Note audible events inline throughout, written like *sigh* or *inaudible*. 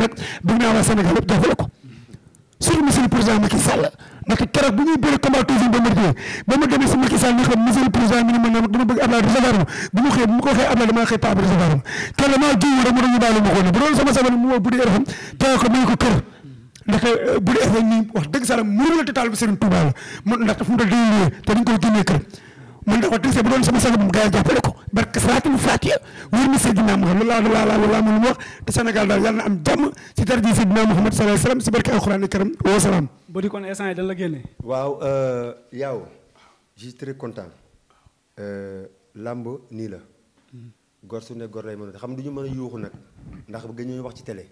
nag bëgg naa waa Sénégal yëpp jàppale ko surtout monsieur le président Macky Sall ndax keroog bu ñuy bëri combat toujours ba mu demee ba mu demee si Macky Sall ni ko monsieur le président mi ne ma dama bëgg Abdoulaye recevoir ma bu mu xëyee bu mu ko waxee Abdoulaye damaa xëy Pape recevoir ma kenn damaa jiw rek mu doon ñu bàyyi ma ko ne bu doon sama sama mu woo bu di RFM tey ko may ko kër ndax euh, bu di RFM nii wax dëgg Sall mënu la détail bi Serigne Touba la man ndax dafa mu doon déwénee te dañ koy génnee kër man ndax wax dëgg bu doon sama sanga moom gars yi jàppale ko barke salaatul faatiha wër na Seydina Muhammad laa laa laa laa mën wax te Sénégal daal yàlla na am jàmm ci darji Seydina Muhammad sallallahu alayhi wasallam si barke alxuraan karim wa salaam. boo di kon instant yi dañ la génne. waaw euh, yow je suis euh, làmb nii la. gor su ne gor lay mën a xam du ñu mën a yuuxu nag ndax bëgg ñu wax ci tele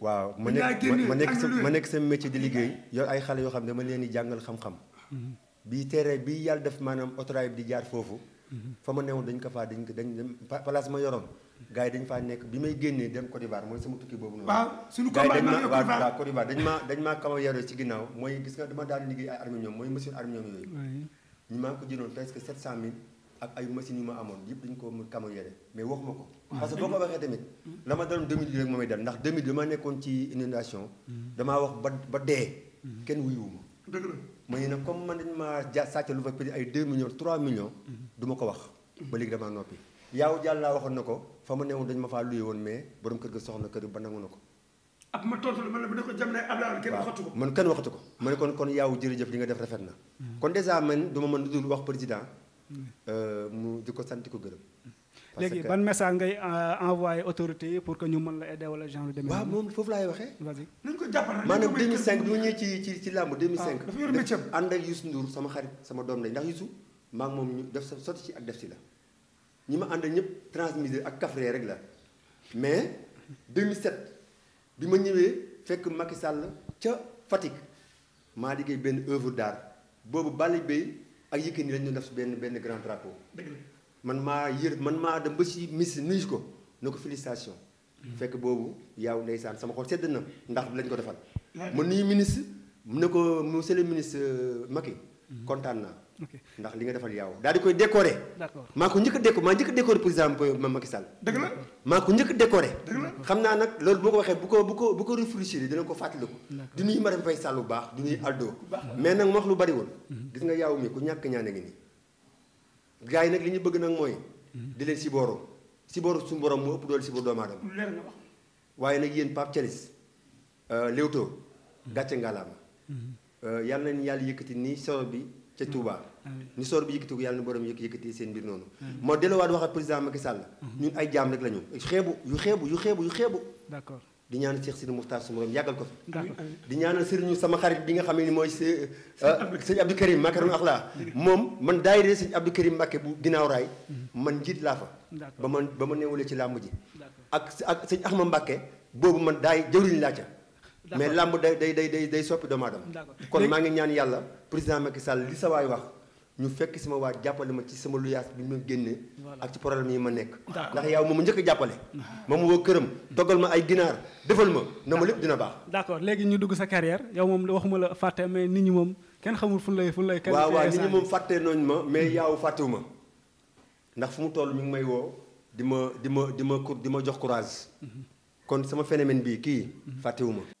waaw ma nekk ma nekk sa ma nekk sa métier di liggéey. yow ay xale yoo xam ne dama leen di jàngal xam-xam. Mm-hmm. bii tere bii yàlla def maanaam autorail bi di jaar foofu fa ma newoon dañ ko fa dañ ko dañ dem place ma yoroon gars yi dañ fa nekk bi may génnee dem Côte d'Ivoire mooy sama tukki boobu noonu waaw suñu combat ma waaw Côte d'Ivoire dañ maa dañ ci ginnaaw mooy gis nga dama daan liggéey ay armes ñoom mooy ko jëndoon presque sept cent mille ay machines yu ma amoon yëpp dañ ko kama yore mais waxuma ko parce que boo ko waxee tamit la ma daloon 2000 rek moomay dal ndax 2000 dama nekkoon ci inondation mm-hmm. damaa wax ba ba dee mm-hmm. kenn wuyuwuma dëgg la ma ne nag comme man dañ maa ja sàcc lu fa ay 2 millions 3 millions. Mhm. duma ko wax. Mhm. ba léegi damaa noppi. yaaw jàll laa waxoon na ko fa ma newoon dañ ma faa luye woon mais borom kër ga soxna kër ba nangu na ko. ab ma tontu la man la bu ne ko jam ne Abdoulaye kenn waxatu ko. kenn waxatu ko ma ne kon kon yaaw jërëjëf li nga def rafet na. Mhm. kon dèjà man du mën lu dul wax président. Euh, mu di ko santi ko gërëm. léegi ban message ngay euh, envoyé autorité yi pour que ñu man la aider wala genre de. moom foofu laay waxee. vas-y nañu ko jàppale. maanaam 2005 bu ñëwee ci ci ci làmb 2005. Ah, dafa yor métier am ànd ak Youssou sama xarit sama doom lañ ndax Youssou maa moom ñu def sa sotti ci ak def si la ñi ma ànd ñëpp transmisé ak Kaffré rek la mais 2007 bi ma ñëwee fekk Macky Sall ca Fatick maa liggéey benn œuvre d'art boobu Balla Beye ak Yékini lañ ñu def benn benn grand drapeau. man maa yër man maa dem ba si miss nuyu ko ne ko félicitation. Mm. fekk boobu yaaw saan sama xol sedd na ndax lañ ko defal. mën nuyu ministre mu ne ko monsieur le ministre euh, Macky. Mm. kontaan naa. ndax li nga defal yaaw daal di koy décorer. maa ko njëkk a déco maa njëkk a décorer président ma Macky Sall. dëgg la maa ko njëkk a décorer. xam naa nag loolu boo ko waxee bu ko bu ko bu ko réfléchir dina ko fàttaliku. di nuyu Marème Faye Sall bu baax di nuyu Aldo. mais nag wax lu bari woon. Mm-hmm. gis nga yaaw mi ku ñàkk ñaane ngi nii. gars yi nag li ñu bëgg nag mooy. di leen si booro si booro suñu borom moo ëpp doole si boor waaye nag yéen Pape Thialis euh, Leewtoo gàcce ngalaama. Euh, yàlla nañu yàlla yëkkati nii sor bi ca Touba. ni sor bi yëkkati ko yàlla na borom yëkk yëkkati seen mbir noonu. moo delluwaat waxat président Macky Sall. Mhm. ñun ay jaam rek la ñu xeebu yu xeebu yu xeebu yu xeebu. di ñaan Cheikh Sidi Moukhtar su morom yàggal ko fi di ñaanal sëriñu sama xarit bi nga xam ne mooy sëñ euh, Abdou Karim Makarim laa moom man daayira sëñ Abdou Karim Mbacke bu dinaaw raay mhm. man njiit laa fa ba ma ba ma neewalee ci làmb ji ak ak sëñ Axma Mbacke boobu man daay jëwriñ laa ca mais làmb day day day day soppi doomu aadama kon maa ngi ñaan yàlla président Macky Sall li sa waay wax ñu fekk sama waa jàppale ma ci sama luyaas bi ma génnee ak ci problème yi ma nekk ndax yow moom njëkk jàppale *laughs* moom woo këram toggal ma ay ginaar defal ma na ma lépp dina baax d'accord léegi ñu dugg sa carrière yow moom waxuma la fàtte mais nit ñi moom kenn xamul fu lay fu lay kenn waaw waaw nit ñi moom fàtte nooñ ma mais mm-hmm. yaaw fàttewu ma ndax fu mu toll mi ngi may woo di ma di ma di ma di ma jox courage mm-hmm. kon sama phénomène bii kii mm-hmm. fàttewu ma